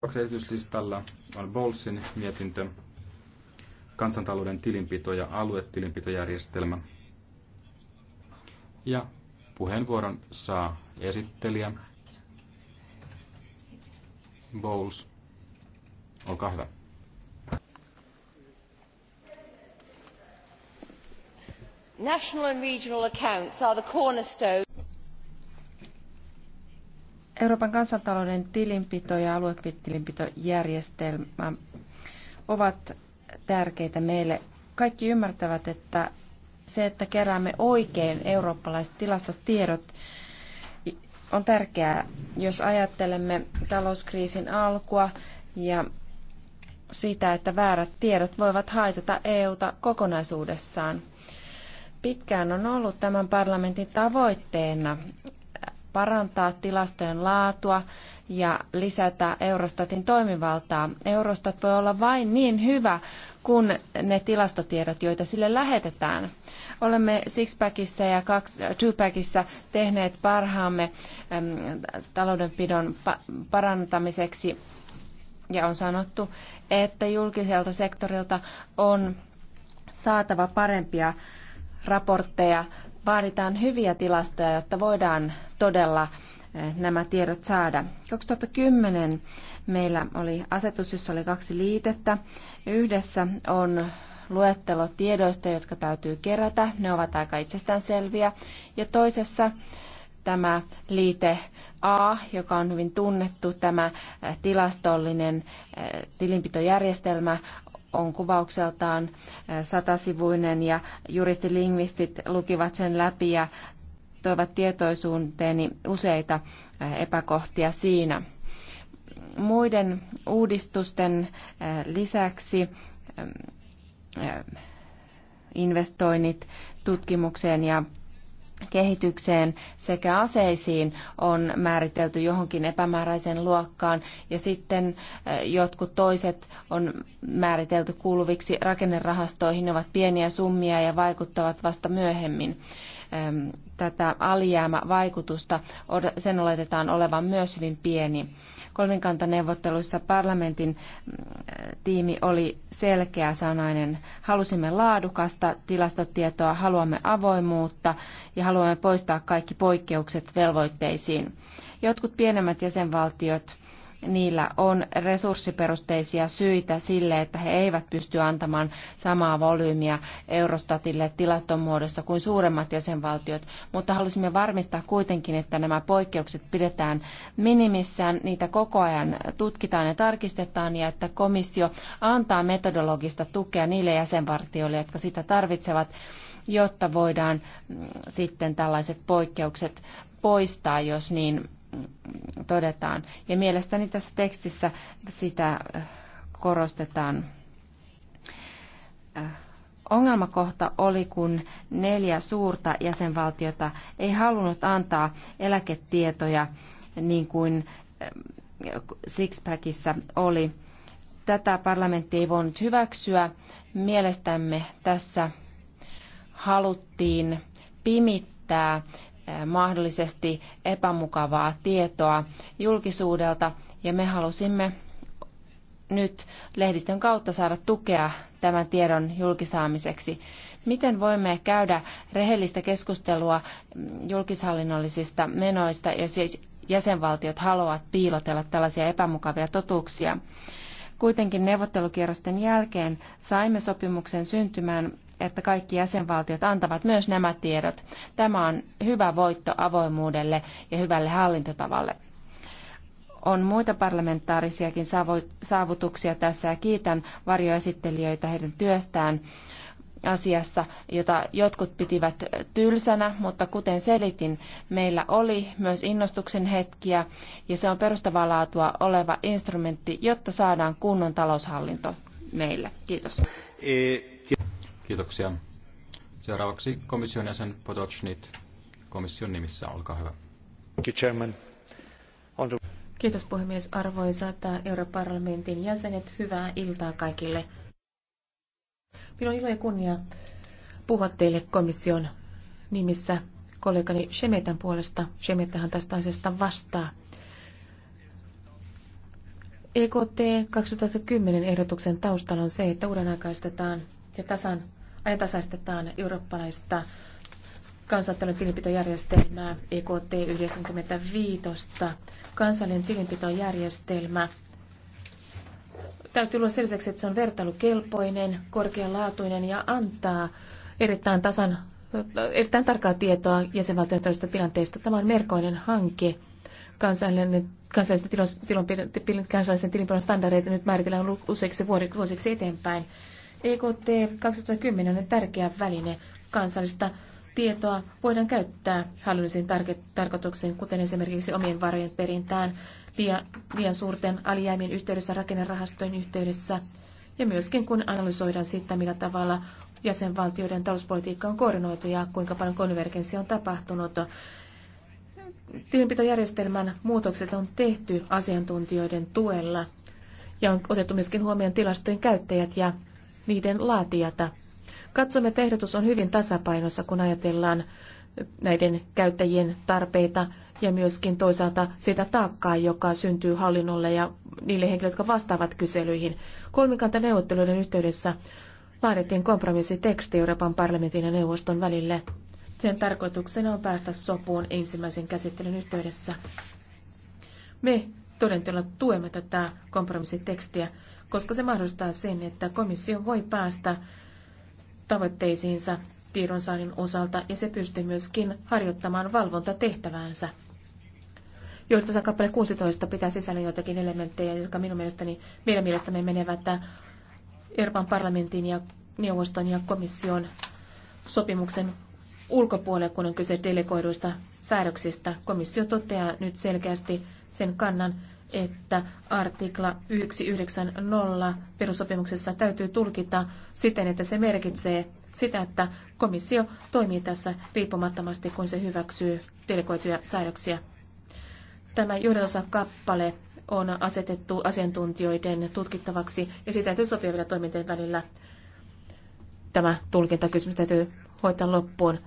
Seuraavaksi esityslistalla on Bolsin mietintö, kansantalouden tilinpito ja aluetilinpitojärjestelmä. Ja puheenvuoron saa esittelijä Bowles. Olkaa hyvä. National and regional accounts are the cornerstone. Euroopan kansantalouden tilinpito ja aluetilinpitojärjestelmä ovat tärkeitä meille. Kaikki ymmärtävät, että se, että keräämme oikein eurooppalaiset tilastotiedot, on tärkeää, jos ajattelemme talouskriisin alkua ja sitä, että väärät tiedot voivat haitata EUta kokonaisuudessaan. Pitkään on ollut tämän parlamentin tavoitteena parantaa tilastojen laatua ja lisätä Eurostatin toimivaltaa. Eurostat voi olla vain niin hyvä kuin ne tilastotiedot, joita sille lähetetään. Olemme Sixpackissa ja Twopackissa tehneet parhaamme taloudenpidon parantamiseksi ja on sanottu, että julkiselta sektorilta on saatava parempia raportteja vaaditaan hyviä tilastoja, jotta voidaan todella eh, nämä tiedot saada. 2010 meillä oli asetus, jossa oli kaksi liitettä. Yhdessä on luettelo tiedoista, jotka täytyy kerätä. Ne ovat aika itsestäänselviä. Ja toisessa tämä liite A, joka on hyvin tunnettu, tämä eh, tilastollinen eh, tilinpitojärjestelmä on kuvaukseltaan satasivuinen ja juristilingvistit lukivat sen läpi ja toivat tietoisuuteeni useita epäkohtia siinä. Muiden uudistusten lisäksi investoinnit tutkimukseen ja kehitykseen sekä aseisiin on määritelty johonkin epämääräiseen luokkaan ja sitten jotkut toiset on määritelty kuuluviksi rakennerahastoihin, ne ovat pieniä summia ja vaikuttavat vasta myöhemmin tätä alijäämävaikutusta, sen oletetaan olevan myös hyvin pieni. Kolminkantaneuvotteluissa parlamentin mm, tiimi oli selkeä sanainen. Halusimme laadukasta tilastotietoa, haluamme avoimuutta ja haluamme poistaa kaikki poikkeukset velvoitteisiin. Jotkut pienemmät jäsenvaltiot niillä on resurssiperusteisia syitä sille, että he eivät pysty antamaan samaa volyymiä Eurostatille tilaston muodossa kuin suuremmat jäsenvaltiot, mutta halusimme varmistaa kuitenkin, että nämä poikkeukset pidetään minimissään, niitä koko ajan tutkitaan ja tarkistetaan ja että komissio antaa metodologista tukea niille jäsenvaltioille, jotka sitä tarvitsevat, jotta voidaan mm, sitten tällaiset poikkeukset poistaa, jos niin todetaan. Ja mielestäni tässä tekstissä sitä äh, korostetaan. Äh, ongelmakohta oli, kun neljä suurta jäsenvaltiota ei halunnut antaa eläketietoja niin kuin äh, Sixpackissa oli. Tätä parlamentti ei voinut hyväksyä. Mielestämme tässä haluttiin pimittää Eh, mahdollisesti epämukavaa tietoa julkisuudelta ja me halusimme nyt lehdistön kautta saada tukea tämän tiedon julkisaamiseksi. Miten voimme käydä rehellistä keskustelua julkishallinnollisista menoista, jos siis jäsenvaltiot haluavat piilotella tällaisia epämukavia totuuksia? Kuitenkin neuvottelukierrosten jälkeen saimme sopimuksen syntymään että kaikki jäsenvaltiot antavat myös nämä tiedot. Tämä on hyvä voitto avoimuudelle ja hyvälle hallintotavalle. On muita parlamentaarisiakin saavutuksia tässä ja kiitän varjoesittelijöitä heidän työstään asiassa, jota jotkut pitivät tylsänä, mutta kuten selitin, meillä oli myös innostuksen hetkiä ja se on perustavaa laatua oleva instrumentti, jotta saadaan kunnon taloushallinto meille. Kiitos. Eh, Kiitoksia. Seuraavaksi komission jäsen Podocnit komission nimissä. Olkaa hyvä. Kiitos puhemies. Arvoisat europarlamentin jäsenet, hyvää iltaa kaikille. Minun on ilo ja kunnia puhua teille komission nimissä kollegani Shemetan puolesta. Shemetahan tästä asiasta vastaa. EKT 2010 ehdotuksen taustalla on se, että uudenaikaistetaan ja tasan ajantasaistetaan eurooppalaista kansantalouden tilinpitojärjestelmää e EKT 95. Kansallinen tilinpitojärjestelmä täytyy olla selväksi, että se on vertailukelpoinen, korkealaatuinen ja antaa erittäin tasan erittäin tarkkaa tietoa jäsenvaltion tilanteesta. Tämä on merkoinen hanke. Kansallinen, kansallisen tilinpidon standardeita nyt määritellään useiksi vuosiksi eteenpäin. EKT 2010 on tärkeä väline kansallista tietoa voidaan käyttää hallinnollisiin tarke- tarkoituksiin, kuten esimerkiksi omien varojen perintään, liian, liian suurten alijäämien yhteydessä, rakennerahastojen yhteydessä ja myöskin kun analysoidaan sitä, millä tavalla jäsenvaltioiden talouspolitiikka on koordinoitu ja kuinka paljon konvergenssi on tapahtunut. Tilinpitojärjestelmän muutokset on tehty asiantuntijoiden tuella ja on otettu myöskin huomioon tilastojen käyttäjät ja niiden laatijata. Katsomme, että ehdotus on hyvin tasapainossa, kun ajatellaan näiden käyttäjien tarpeita ja myöskin toisaalta sitä taakkaa, joka syntyy hallinnolle ja niille henkilöille, jotka vastaavat kyselyihin. kolmikanta neuvotteluiden yhteydessä laadittiin kompromissiteksti Euroopan parlamentin ja neuvoston välille. Sen tarkoituksena on päästä sopuun ensimmäisen käsittelyn yhteydessä. Me todenteolla tuemme tätä kompromissitekstiä koska se mahdollistaa sen, että komissio voi päästä tavoitteisiinsa tiedonsaannin osalta ja se pystyy myöskin harjoittamaan valvontatehtäväänsä. Johtosan kappale 16 pitää sisällä joitakin elementtejä, jotka minun mielestäni, meidän mielestämme menevät Euroopan parlamentin ja neuvoston ja komission sopimuksen ulkopuolelle, kun on kyse delegoiduista säädöksistä. Komissio toteaa nyt selkeästi sen kannan, että artikla 190 perusopimuksessa täytyy tulkita siten, että se merkitsee sitä, että komissio toimii tässä riippumattomasti, kun se hyväksyy delegoituja säädöksiä. Tämä johdonosa kappale on asetettu asiantuntijoiden tutkittavaksi ja sitä täytyy sopia vielä toimintojen välillä. Tämä tulkintakysymys täytyy hoitaa loppuun.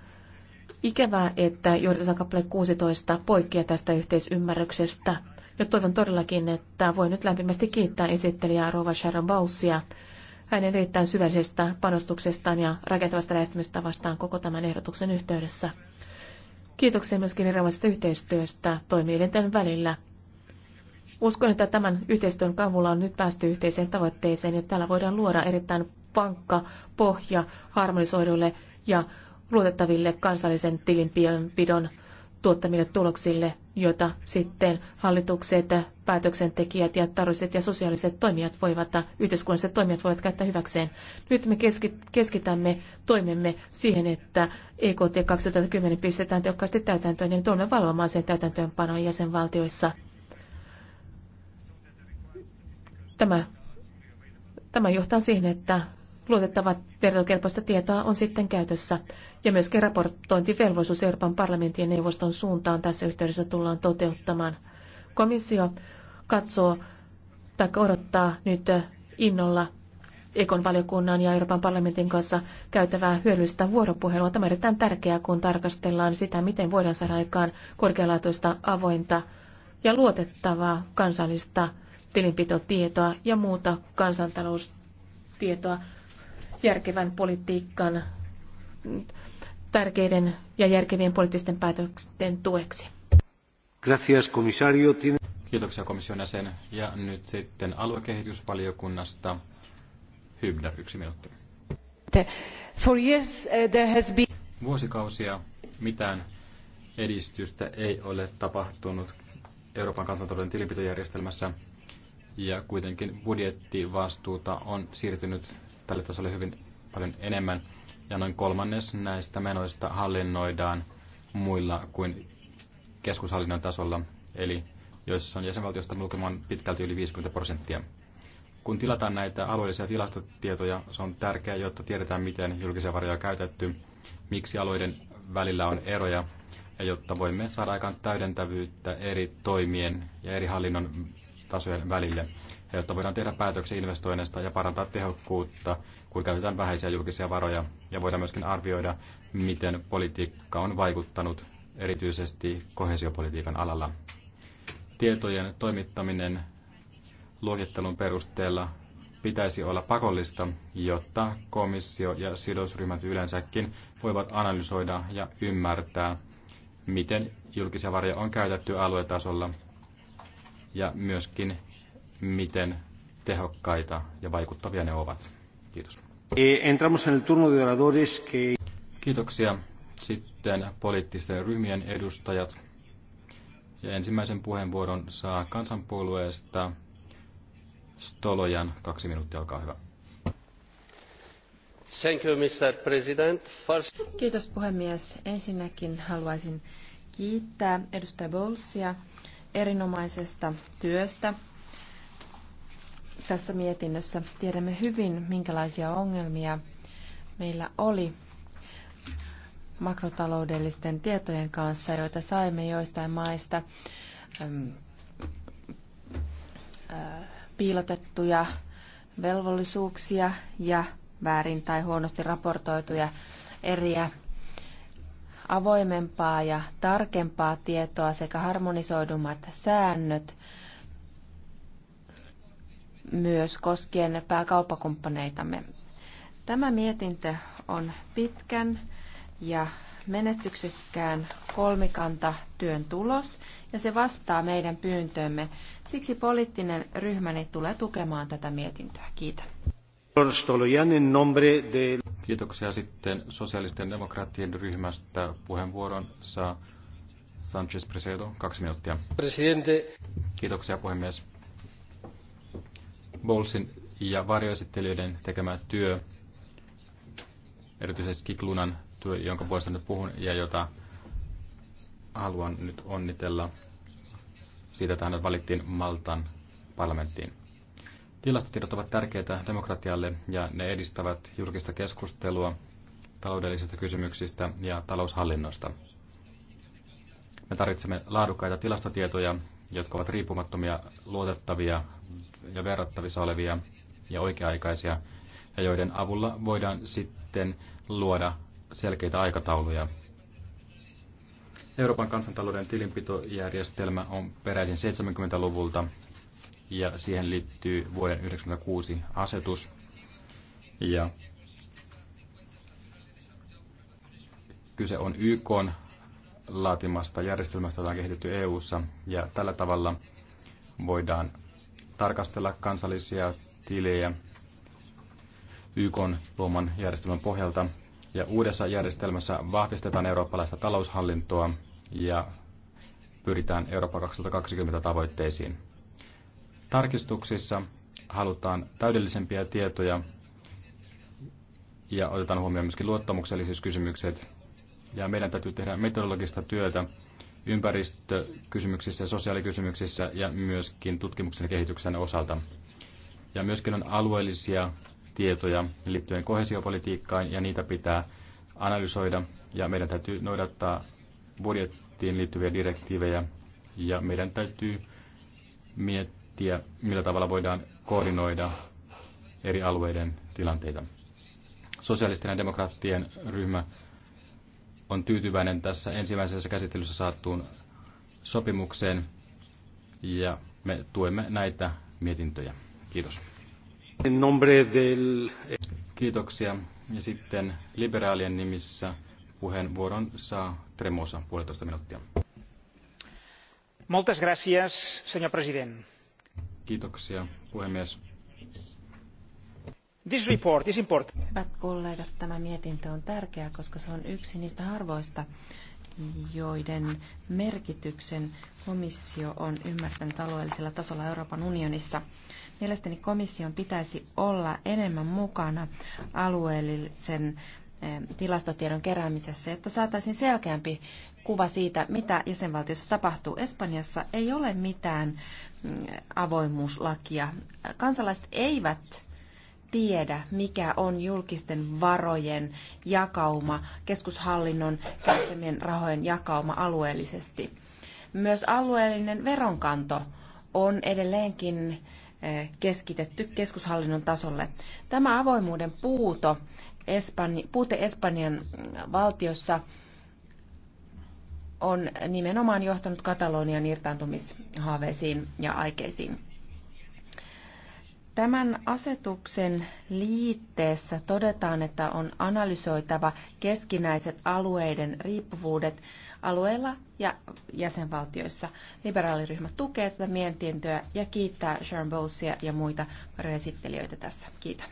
Ikävää, että johdonosa kappale 16 poikkeaa tästä yhteisymmärryksestä. Ja toivon todellakin, että voin nyt lämpimästi kiittää esittelijää Rova Sharon Bausia hänen erittäin syvällisestä panostuksestaan ja rakentavasta lähestymistavastaan koko tämän ehdotuksen yhteydessä. Kiitoksia myöskin erilaisesta yhteistyöstä toimielinten välillä. Uskon, että tämän yhteistyön kavulla on nyt päästy yhteiseen tavoitteeseen ja tällä voidaan luoda erittäin vankka pohja harmonisoidulle ja luotettaville kansallisen tilinpidon tuottamille tuloksille jota sitten hallitukset, päätöksentekijät ja taloudelliset ja sosiaaliset toimijat voivat, yhteiskunnalliset toimijat voivat käyttää hyväkseen. Nyt me keskitämme toimemme siihen, että EKT 2010 pistetään tehokkaasti täytäntöön ja niin tuomme valvomaan sen täytäntöönpanoa jäsenvaltioissa. Tämä, tämä johtaa siihen, että Luotettava vertailukelpoista tietoa on sitten käytössä. Ja myöskin raportointivelvollisuus Euroopan parlamentin ja neuvoston suuntaan tässä yhteydessä tullaan toteuttamaan. Komissio katsoo tai odottaa nyt innolla Ekon valiokunnan ja Euroopan parlamentin kanssa käytävää hyödyllistä vuoropuhelua. Tämä on erittäin tärkeää, kun tarkastellaan sitä, miten voidaan saada aikaan korkealaatuista avointa ja luotettavaa kansallista tilinpitotietoa ja muuta kansantaloustietoa järkevän politiikan tärkeiden ja järkevien poliittisten päätösten tueksi. Gracias, komissario. Kiitoksia komission jäsen. Ja nyt sitten aluekehitysvaliokunnasta Hybner, yksi minuutti. For years, uh, there has been... Vuosikausia mitään edistystä ei ole tapahtunut Euroopan kansantalouden tilinpitojärjestelmässä ja kuitenkin budjettivastuuta on siirtynyt tälle tasolle hyvin paljon enemmän, ja noin kolmannes näistä menoista hallinnoidaan muilla kuin keskushallinnon tasolla, eli joissa on jäsenvaltiosta lukemaan pitkälti yli 50 prosenttia. Kun tilataan näitä alueellisia tilastotietoja, se on tärkeää, jotta tiedetään, miten julkisia varoja on käytetty, miksi alueiden välillä on eroja, ja jotta voimme saada aikaan täydentävyyttä eri toimien ja eri hallinnon tasojen välille ja jotta voidaan tehdä päätöksiä investoinneista ja parantaa tehokkuutta, kun käytetään vähäisiä julkisia varoja, ja voidaan myöskin arvioida, miten politiikka on vaikuttanut erityisesti kohesiopolitiikan alalla. Tietojen toimittaminen luokittelun perusteella pitäisi olla pakollista, jotta komissio ja sidosryhmät yleensäkin voivat analysoida ja ymmärtää, miten julkisia varoja on käytetty aluetasolla ja myöskin miten tehokkaita ja vaikuttavia ne ovat. Kiitos. Eh, entramos en el turno de oradores que... Kiitoksia. Sitten poliittisten ryhmien edustajat. Ja ensimmäisen puheenvuoron saa kansanpuolueesta Stolojan. Kaksi minuuttia, olkaa hyvä. Thank you, Mr. President. First... Kiitos puhemies. Ensinnäkin haluaisin kiittää edustaja Bolsia erinomaisesta työstä tässä mietinnössä. Tiedämme hyvin, minkälaisia ongelmia meillä oli makrotaloudellisten tietojen kanssa, joita saimme joistain maista piilotettuja velvollisuuksia ja väärin tai huonosti raportoituja eriä avoimempaa ja tarkempaa tietoa sekä harmonisoidummat säännöt – myös koskien pääkauppakumppaneitamme. Tämä mietintö on pitkän ja menestyksekkään kolmikanta työn tulos ja se vastaa meidän pyyntöömme. Siksi poliittinen ryhmäni tulee tukemaan tätä mietintöä. Kiitän. Kiitoksia sitten sosiaalisten demokraattien ryhmästä. Puheenvuoron saa Sanchez Presedo, kaksi minuuttia. Presidente. Kiitoksia puhemies. Bolsin ja varjoesittelijöiden tekemä työ, erityisesti Kiklunan työ, jonka puolesta nyt puhun ja jota haluan nyt onnitella siitä, että hänet valittiin Maltan parlamenttiin. Tilastotiedot ovat tärkeitä demokratialle ja ne edistävät julkista keskustelua taloudellisista kysymyksistä ja taloushallinnosta. Me tarvitsemme laadukkaita tilastotietoja, jotka ovat riippumattomia, luotettavia, ja verrattavissa olevia ja oikea-aikaisia, ja joiden avulla voidaan sitten luoda selkeitä aikatauluja. Euroopan kansantalouden tilinpitojärjestelmä on peräisin 70-luvulta ja siihen liittyy vuoden 1996 asetus. Ja kyse on YK laatimasta järjestelmästä, jota on kehitetty EU:ssa ja tällä tavalla voidaan tarkastella kansallisia tilejä YK luoman järjestelmän pohjalta. Ja uudessa järjestelmässä vahvistetaan eurooppalaista taloushallintoa ja pyritään Eurooppa 2020 tavoitteisiin. Tarkistuksissa halutaan täydellisempiä tietoja ja otetaan huomioon myöskin luottamukselliset kysymykset. Ja meidän täytyy tehdä metodologista työtä, ympäristökysymyksissä, sosiaalikysymyksissä ja myöskin tutkimuksen ja kehityksen osalta. Ja myöskin on alueellisia tietoja liittyen kohesiopolitiikkaan ja niitä pitää analysoida ja meidän täytyy noudattaa budjettiin liittyviä direktiivejä ja meidän täytyy miettiä, millä tavalla voidaan koordinoida eri alueiden tilanteita. Sosialistinen demokraattien ryhmä on tyytyväinen tässä ensimmäisessä käsittelyssä saattuun sopimukseen ja me tuemme näitä mietintöjä. Kiitos. Kiitoksia. Ja sitten liberaalien nimissä puheenvuoron saa Tremosa puolitoista minuuttia. Moltes gracias, señor president. Kiitoksia, puhemies. This report is important. Hyvät kollegat, tämä mietintö on tärkeä, koska se on yksi niistä harvoista, joiden merkityksen komissio on ymmärtänyt alueellisella tasolla Euroopan unionissa. Mielestäni komission pitäisi olla enemmän mukana alueellisen eh, tilastotiedon keräämisessä, jotta saataisiin selkeämpi kuva siitä, mitä jäsenvaltiossa tapahtuu. Espanjassa ei ole mitään mm, avoimuuslakia. Kansalaiset eivät tiedä, mikä on julkisten varojen jakauma, keskushallinnon käyttämien rahojen jakauma alueellisesti. Myös alueellinen veronkanto on edelleenkin eh, keskitetty keskushallinnon tasolle. Tämä avoimuuden puuto, Espanj- puute Espanjan mm, valtiossa on nimenomaan johtanut Katalonian irtaantumishaaveisiin ja aikeisiin. Tämän asetuksen liitteessä todetaan, että on analysoitava keskinäiset alueiden riippuvuudet alueilla ja jäsenvaltioissa. Liberaaliryhmä tukee tätä mietintöä ja kiittää Sharon Bowlesia ja muita esittelijöitä tässä. Kiitän.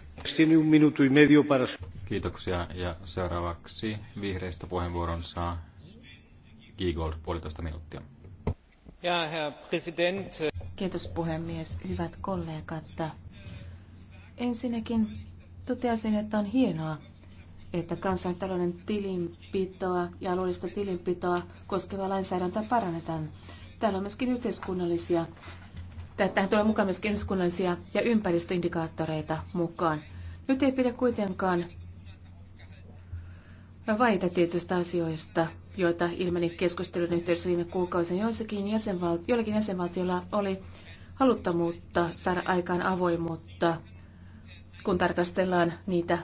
Kiitoksia ja seuraavaksi vihreistä puheenvuoron saa Giegold puolitoista minuuttia. Ja, herr Kiitos puhemies. Hyvät kollegat, Ensinnäkin toteaisin, että on hienoa, että kansantalouden tilinpitoa ja alueellista tilinpitoa koskeva lainsäädäntöä parannetaan. Täällä on myöskin yhteiskunnallisia, tähän tulee mukaan myöskin yhteiskunnallisia ja ympäristöindikaattoreita mukaan. Nyt ei pidä kuitenkaan vaita tietystä asioista, joita ilmeni keskustelun yhteydessä viime kuukausina. Joissakin jäsenvalti- joillakin jäsenvaltioilla oli haluttomuutta saada aikaan avoimuutta kun tarkastellaan niitä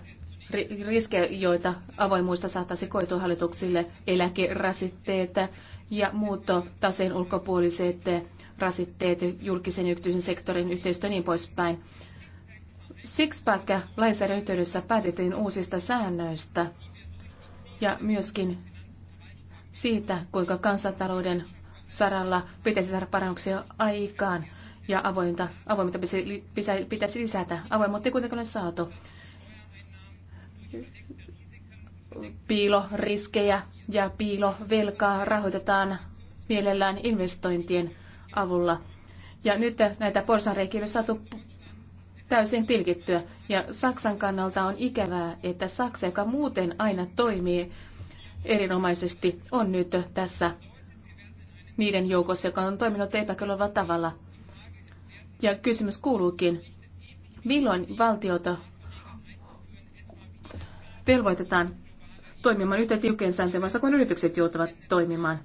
riskejä, joita avoimuista saattaisi koitua hallituksille, eläkerasitteet ja muut taseen ulkopuoliset rasitteet, julkisen ja yksityisen sektorin yhteistyö ja niin poispäin. Sixpack yhteydessä päätettiin uusista säännöistä ja myöskin siitä, kuinka kansantalouden saralla pitäisi saada parannuksia aikaan ja avointa, avoimuutta pitäisi lisätä. Avoimuutta ei kuitenkaan ole saatu. Piiloriskejä ja piilovelkaa rahoitetaan mielellään investointien avulla. Ja nyt näitä porsanreikiä on saatu täysin tilkittyä. Ja Saksan kannalta on ikävää, että Saksa, joka muuten aina toimii erinomaisesti, on nyt tässä niiden joukossa, joka on toiminut epäkelovalla tavalla. Ja kysymys kuuluukin, milloin valtiota velvoitetaan toimimaan yhtä tiukkeen sääntöön kun yritykset joutuvat toimimaan.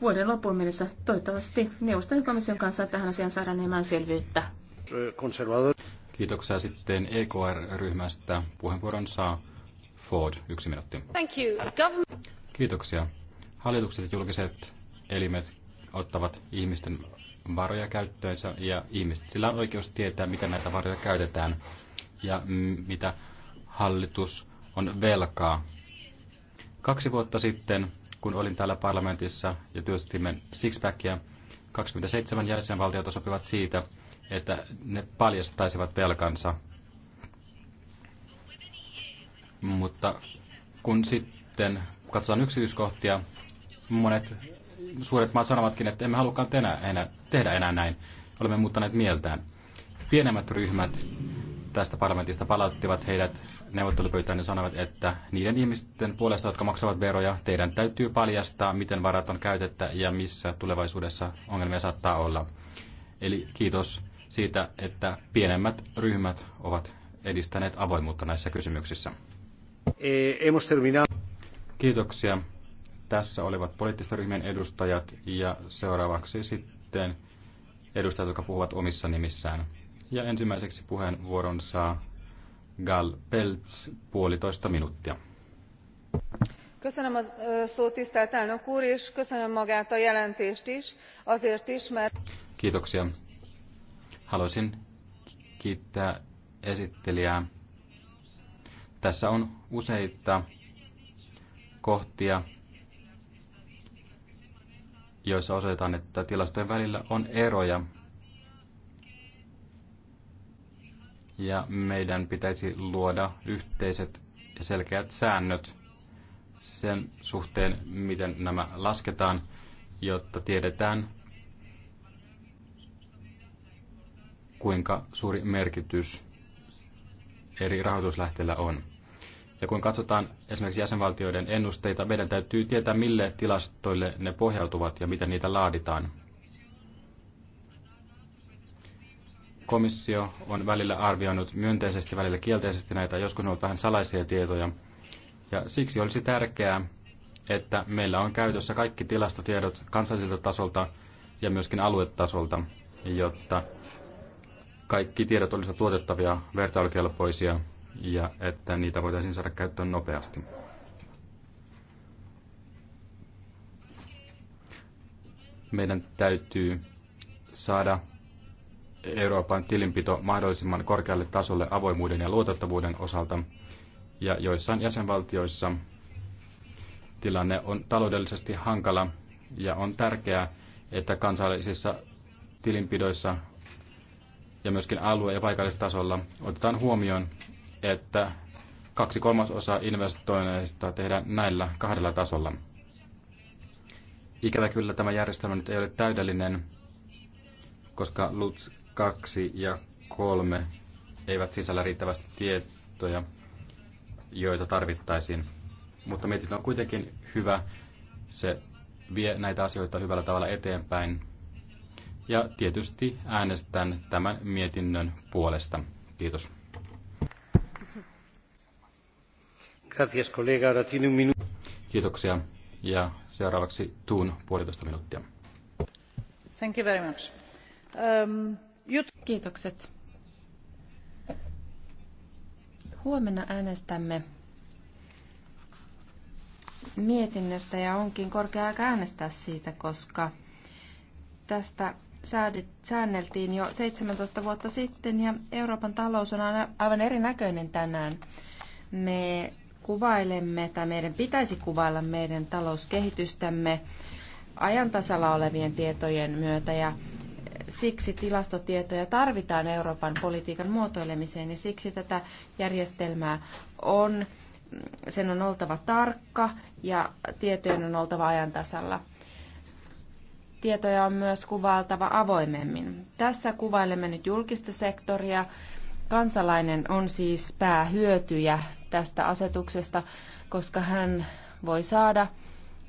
Vuoden loppuun mennessä toivottavasti neuvoston komission kanssa tähän asiaan saadaan enemmän selvyyttä. Kiitoksia sitten EKR-ryhmästä. Puheenvuoron saa Ford, yksi minuutti. Thank you. Government... Kiitoksia. Hallitukset ja julkiset elimet ottavat ihmisten varoja käyttöönsä ja sillä on oikeus tietää, mitä näitä varoja käytetään ja mitä hallitus on velkaa. Kaksi vuotta sitten, kun olin täällä parlamentissa ja työstimme Sixpackia, 27 jäsenvaltiota sopivat siitä, että ne paljastaisivat velkansa. Mutta kun sitten katsotaan yksityiskohtia, monet suuret maat sanovatkin, että emme halukaan tehdä enää, tehdä enää näin. Olemme muuttaneet mieltään. Pienemmät ryhmät tästä parlamentista palauttivat heidät neuvottelupöytään ja sanovat, että niiden ihmisten puolesta, jotka maksavat veroja, teidän täytyy paljastaa, miten varat on käytettä ja missä tulevaisuudessa ongelmia saattaa olla. Eli kiitos siitä, että pienemmät ryhmät ovat edistäneet avoimuutta näissä kysymyksissä. Eh, Kiitoksia. Tässä olivat poliittisten ryhmien edustajat ja seuraavaksi sitten edustajat, jotka puhuvat omissa nimissään. Ja ensimmäiseksi puheenvuoron saa Gal Peltz puolitoista minuuttia. Köszönöm a szót, tisztelt elnök úr, és köszönöm magát a jelentést is, azért is, mert... Kiitoksia. Haluaisin kiittää esittelijää. Tässä on useita kohtia, joissa osoitetaan, että tilastojen välillä on eroja. Ja meidän pitäisi luoda yhteiset ja selkeät säännöt sen suhteen, miten nämä lasketaan, jotta tiedetään, kuinka suuri merkitys eri rahoituslähteillä on. Ja kun katsotaan esimerkiksi jäsenvaltioiden ennusteita, meidän täytyy tietää, mille tilastoille ne pohjautuvat ja miten niitä laaditaan. Komissio on välillä arvioinut myönteisesti, välillä kielteisesti näitä, joskus ne ovat vähän salaisia tietoja. Ja siksi olisi tärkeää, että meillä on käytössä kaikki tilastotiedot kansalliselta tasolta ja myöskin aluetasolta, jotta kaikki tiedot olisivat tuotettavia, vertailukelpoisia ja että niitä voitaisiin saada käyttöön nopeasti. Meidän täytyy saada Euroopan tilinpito mahdollisimman korkealle tasolle avoimuuden ja luotettavuuden osalta, ja joissain jäsenvaltioissa tilanne on taloudellisesti hankala, ja on tärkeää, että kansallisissa tilinpidoissa ja myöskin alue- ja paikallistasolla otetaan huomioon että kaksi kolmasosaa investoinneista tehdään näillä kahdella tasolla. Ikävä kyllä tämä järjestelmä nyt ei ole täydellinen, koska LUTS 2 ja 3 eivät sisällä riittävästi tietoja, joita tarvittaisiin. Mutta mietintö on kuitenkin hyvä. Se vie näitä asioita hyvällä tavalla eteenpäin. Ja tietysti äänestän tämän mietinnön puolesta. Kiitos. Kiitoksia. Ja seuraavaksi Tuun puolitoista minuuttia. Thank you very much. Um, jut- Kiitokset. Huomenna äänestämme mietinnöstä ja onkin korkea aika äänestää siitä, koska tästä säänneltiin jo 17 vuotta sitten ja Euroopan talous on aina aivan erinäköinen tänään. Me kuvailemme tai meidän pitäisi kuvailla meidän talouskehitystämme ajantasalla olevien tietojen myötä ja siksi tilastotietoja tarvitaan Euroopan politiikan muotoilemiseen ja siksi tätä järjestelmää on, sen on oltava tarkka ja tietojen on oltava ajantasalla. Tietoja on myös kuvailtava avoimemmin. Tässä kuvailemme nyt julkista sektoria. Kansalainen on siis päähyötyjä tästä asetuksesta, koska hän voi saada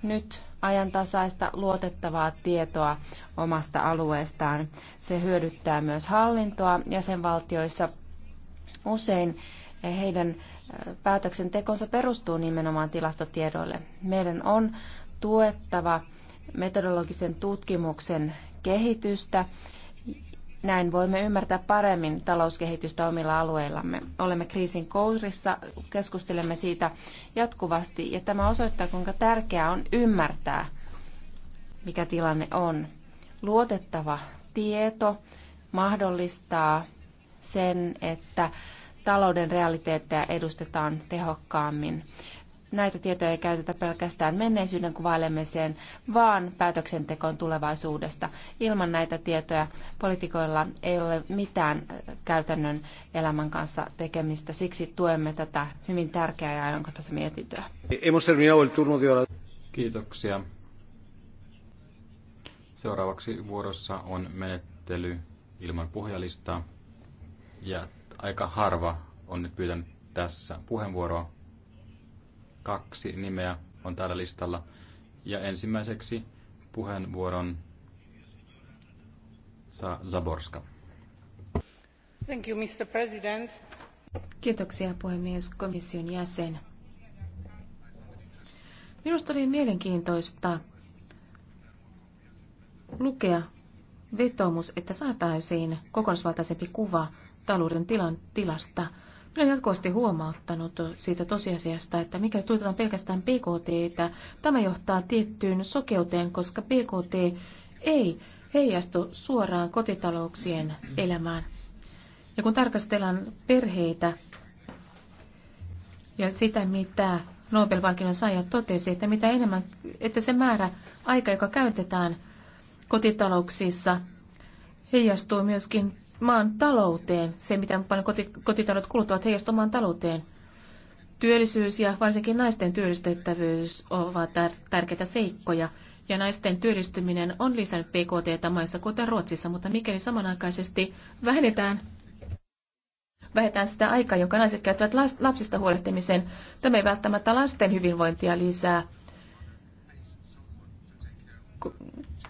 nyt ajantasaista luotettavaa tietoa omasta alueestaan. Se hyödyttää myös hallintoa jäsenvaltioissa. Usein heidän päätöksentekonsa perustuu nimenomaan tilastotiedoille. Meidän on tuettava metodologisen tutkimuksen kehitystä näin voimme ymmärtää paremmin talouskehitystä omilla alueillamme. Olemme kriisin kourissa, keskustelemme siitä jatkuvasti ja tämä osoittaa, kuinka tärkeää on ymmärtää, mikä tilanne on. Luotettava tieto mahdollistaa sen, että talouden realiteetteja edustetaan tehokkaammin näitä tietoja ei käytetä pelkästään menneisyyden kuvailemiseen, vaan päätöksentekoon tulevaisuudesta. Ilman näitä tietoja poliitikoilla ei ole mitään äh, käytännön elämän kanssa tekemistä. Siksi tuemme tätä hyvin tärkeää ja ajankohtaista mietintöä. Kiitoksia. Seuraavaksi vuorossa on menettely ilman puhujalistaa. Ja aika harva on nyt pyytänyt tässä puheenvuoroa. Kaksi nimeä on täällä listalla. Ja ensimmäiseksi puheenvuoron saa Zaborska. Thank you, Mr. President. Kiitoksia puhemies komission jäsen. Minusta oli mielenkiintoista lukea vetoomus, että saataisiin kokonaisvaltaisempi kuva talouden tilan tilasta olen jatkuvasti huomauttanut siitä tosiasiasta, että mikäli tuotetaan pelkästään että tämä johtaa tiettyyn sokeuteen, koska BKT ei heijastu suoraan kotitalouksien elämään. Ja kun tarkastellaan perheitä ja sitä, mitä Nobel-palkinnon saaja totesi, että mitä enemmän, että se määrä aika, joka käytetään kotitalouksissa, heijastuu myöskin maan talouteen, se mitä paljon koti, kotitaloudet kuluttavat maan talouteen. Työllisyys ja varsinkin naisten työllistettävyys ovat tärkeitä seikkoja, ja naisten työllistyminen on lisännyt PKT maissa kuten Ruotsissa, mutta mikäli samanaikaisesti vähennetään vähennetään sitä aikaa, jonka naiset käyttävät lapsista huolehtimiseen. Tämä ei välttämättä lasten hyvinvointia lisää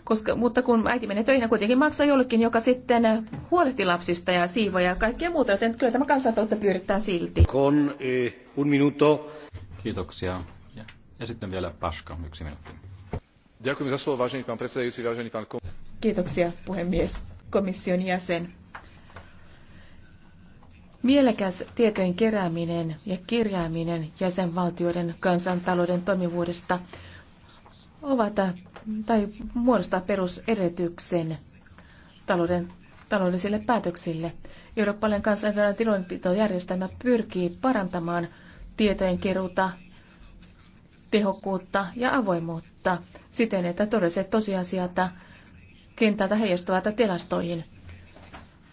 koska, mutta kun äiti menee töihin, kuitenkin maksaa jollekin, joka sitten huolehti lapsista ja siivoja ja kaikkea muuta, joten kyllä tämä kansantaloutta pyörittää silti. Kon, eh, un minuto. Kiitoksia. Ja, ja sitten vielä Paska, yksi minuutti. Kiitoksia, puhemies, komission jäsen. Mielekäs tietojen kerääminen ja kirjaaminen jäsenvaltioiden kansantalouden toimivuudesta – ovat tai muodostaa perusedellytyksen talouden, taloudellisille päätöksille. Eurooppalainen kansainvälinen tilanpitojärjestelmä pyrkii parantamaan tietojen keruuta, tehokkuutta ja avoimuutta siten, että todelliset tosiasiat kentältä heijastuvat tilastoihin.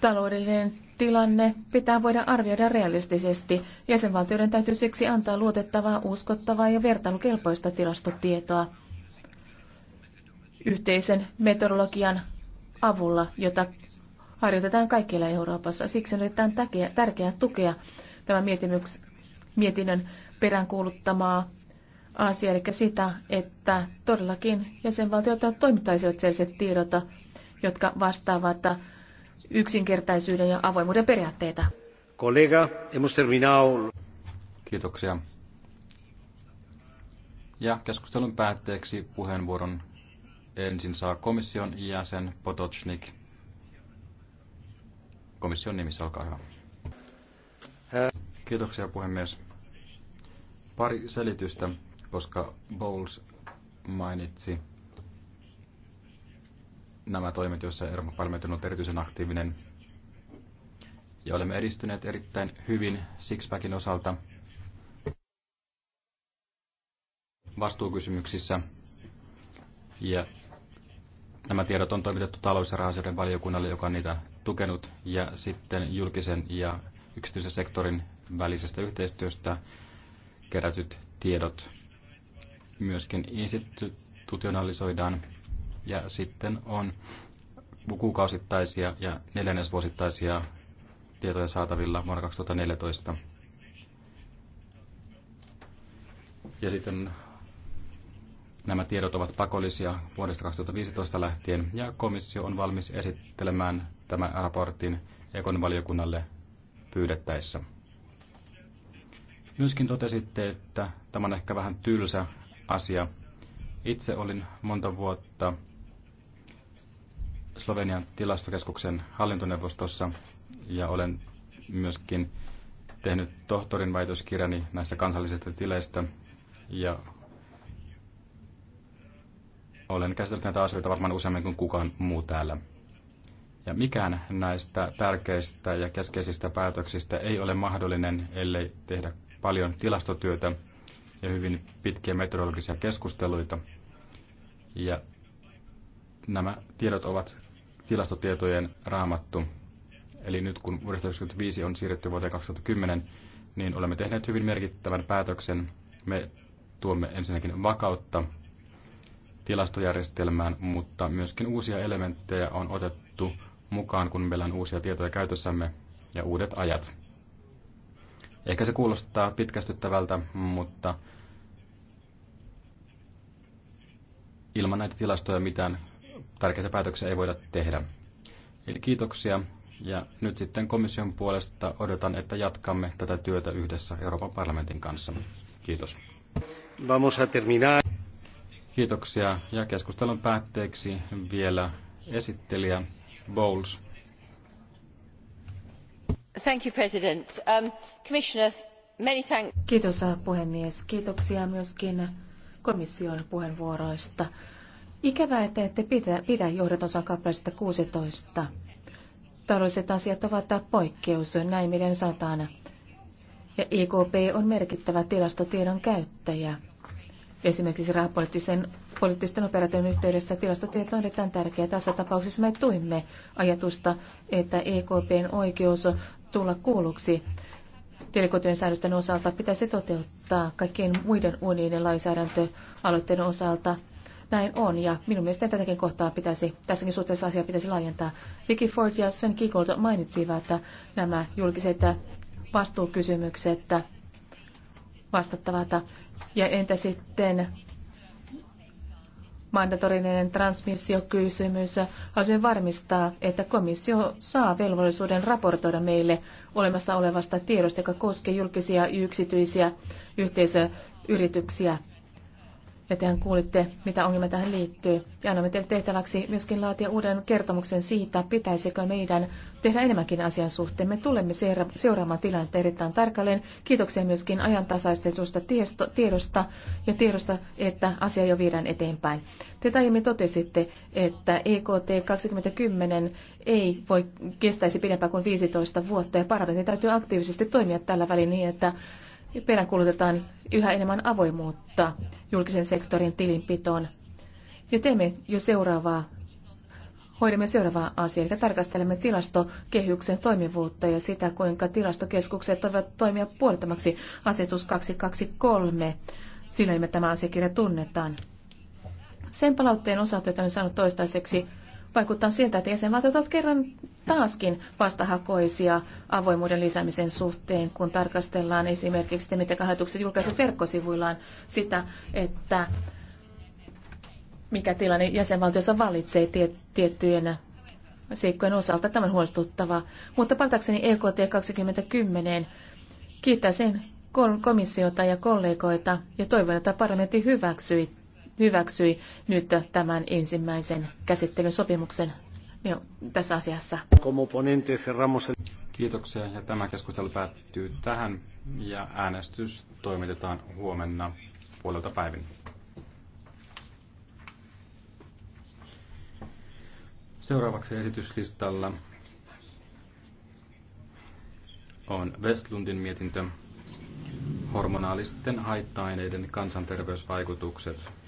Taloudellinen tilanne pitää voida arvioida realistisesti. Jäsenvaltioiden täytyy siksi antaa luotettavaa, uskottavaa ja vertailukelpoista tilastotietoa yhteisen metodologian avulla, jota harjoitetaan kaikkialla Euroopassa. Siksi on erittäin tärkeää tukea tämän mietinnön peräänkuuluttamaa asiaa, eli sitä, että todellakin jäsenvaltiot toimittaisivat sellaiset tiedot, jotka vastaavat yksinkertaisuuden ja avoimuuden periaatteita. Kollega, hemos terminado. Kiitoksia. Ja keskustelun päätteeksi puheenvuoron ensin saa komission jäsen Potocnik. Komission nimissä, olkaa hyvä. Kiitoksia puhemies. Pari selitystä, koska Bowles mainitsi nämä toimet, joissa Euroopan parlamentti on ollut erityisen aktiivinen. Ja olemme edistyneet erittäin hyvin Sixpackin osalta vastuukysymyksissä ja nämä tiedot on toimitettu talous- ja rahasioiden valiokunnalle, joka on niitä tukenut, ja sitten julkisen ja yksityisen sektorin välisestä yhteistyöstä kerätyt tiedot myöskin institutionalisoidaan, ja sitten on kuukausittaisia ja neljännesvuosittaisia tietoja saatavilla vuonna 2014. Ja sitten Nämä tiedot ovat pakollisia vuodesta 2015 lähtien ja komissio on valmis esittelemään tämän raportin Ekon valiokunnalle pyydettäessä. Myöskin totesitte, että tämä on ehkä vähän tylsä asia. Itse olin monta vuotta Slovenian tilastokeskuksen hallintoneuvostossa ja olen myöskin tehnyt tohtorin väitöskirjani näistä kansallisista tileistä ja olen käsitellyt näitä asioita varmaan useammin kuin kukaan muu täällä. Ja mikään näistä tärkeistä ja keskeisistä päätöksistä ei ole mahdollinen, ellei tehdä paljon tilastotyötä ja hyvin pitkiä meteorologisia keskusteluita. Ja nämä tiedot ovat tilastotietojen raamattu. Eli nyt kun vuodesta 1995 on siirretty vuoteen 2010, niin olemme tehneet hyvin merkittävän päätöksen. Me tuomme ensinnäkin vakautta tilastojärjestelmään, mutta myöskin uusia elementtejä on otettu mukaan, kun meillä on uusia tietoja käytössämme ja uudet ajat. Ehkä se kuulostaa pitkästyttävältä, mutta ilman näitä tilastoja mitään tärkeitä päätöksiä ei voida tehdä. Eli kiitoksia ja nyt sitten komission puolesta odotan, että jatkamme tätä työtä yhdessä Euroopan parlamentin kanssa. Kiitos. Vamos a terminar. Kiitoksia. Ja keskustelun päätteeksi vielä esittelijä Bowles. Thank you, President. Um, Commissioner, many thanks. Kiitos puhemies. Kiitoksia myöskin komission puheenvuoroista. Ikävää, että ette pidä, pidä johdatonsan kappaleesta 16. Taloudelliset asiat ovat poikkeus, näin miten sanotaan. Ja IKP e on merkittävä tilastotiedon käyttäjä. Esimerkiksi rahapoliittisen poliittisten operaation yhteydessä tilastotieto on erittäin tärkeää. Tässä tapauksessa me tuimme ajatusta, että EKPn oikeus tulla kuulluksi delegoitujen säädösten osalta pitäisi toteuttaa kaikkien muiden unionin lainsäädäntöaloitteiden osalta. Näin on, ja minun mielestäni tätäkin kohtaa pitäisi, tässäkin suhteessa asiaa pitäisi laajentaa. Vicky Ford ja Sven Kikold mainitsivat, että nämä julkiset vastuukysymykset vastattavat ja entä sitten mandatorinen transmissiokysymys. Haluaisimme varmistaa, että komissio saa velvollisuuden raportoida meille olemassa olevasta tiedosta, joka koskee julkisia ja yksityisiä yhteisöyrityksiä ja tehän kuulitte, mitä ongelma tähän liittyy. Ja annamme teille tehtäväksi myöskin laatia uuden kertomuksen siitä, pitäisikö meidän tehdä enemmänkin asian suhteen. Me tulemme seuraamaan tilannetta erittäin tarkalleen. Kiitoksia myöskin ajantasaistetusta tiedosta ja tiedosta, että asia jo viedään eteenpäin. Te aiemmin totesitte, että EKT 2010 ei voi kestäisi pidempään kuin 15 vuotta ja parhaiten täytyy aktiivisesti toimia tällä välin niin, että peräänkuulutetaan yhä enemmän avoimuutta julkisen sektorin tilinpitoon. Ja teemme jo seuraavaa, hoidamme seuraavaa asiaa, eli tarkastelemme tilastokehyksen toimivuutta ja sitä, kuinka tilastokeskukset voivat toimia puolittamaksi asetus 223, sillä me tämä asiakirja tunnetaan. Sen palautteen osalta, jota olen saanut toistaiseksi, vaikuttaa siltä, että jäsenvaltiot ovat kerran taaskin vastahakoisia avoimuuden lisäämisen suhteen, kun tarkastellaan esimerkiksi sitä, mitä hallitukset julkaiset verkkosivuillaan sitä, että mikä tilanne jäsenvaltiossa valitsee tiettyjen seikkojen osalta. Tämä on huolestuttava. Mutta palatakseni EKT 2010 kiittää sen komissiota ja kollegoita ja toivon, että parlamentti hyväksyi, hyväksyi nyt tämän ensimmäisen käsittelyn sopimuksen tässä asiassa. Kiitoksia ja tämä keskustelu päättyy tähän ja äänestys toimitetaan huomenna puolelta päivin. Seuraavaksi esityslistalla on Westlundin mietintö hormonaalisten haitta-aineiden kansanterveysvaikutukset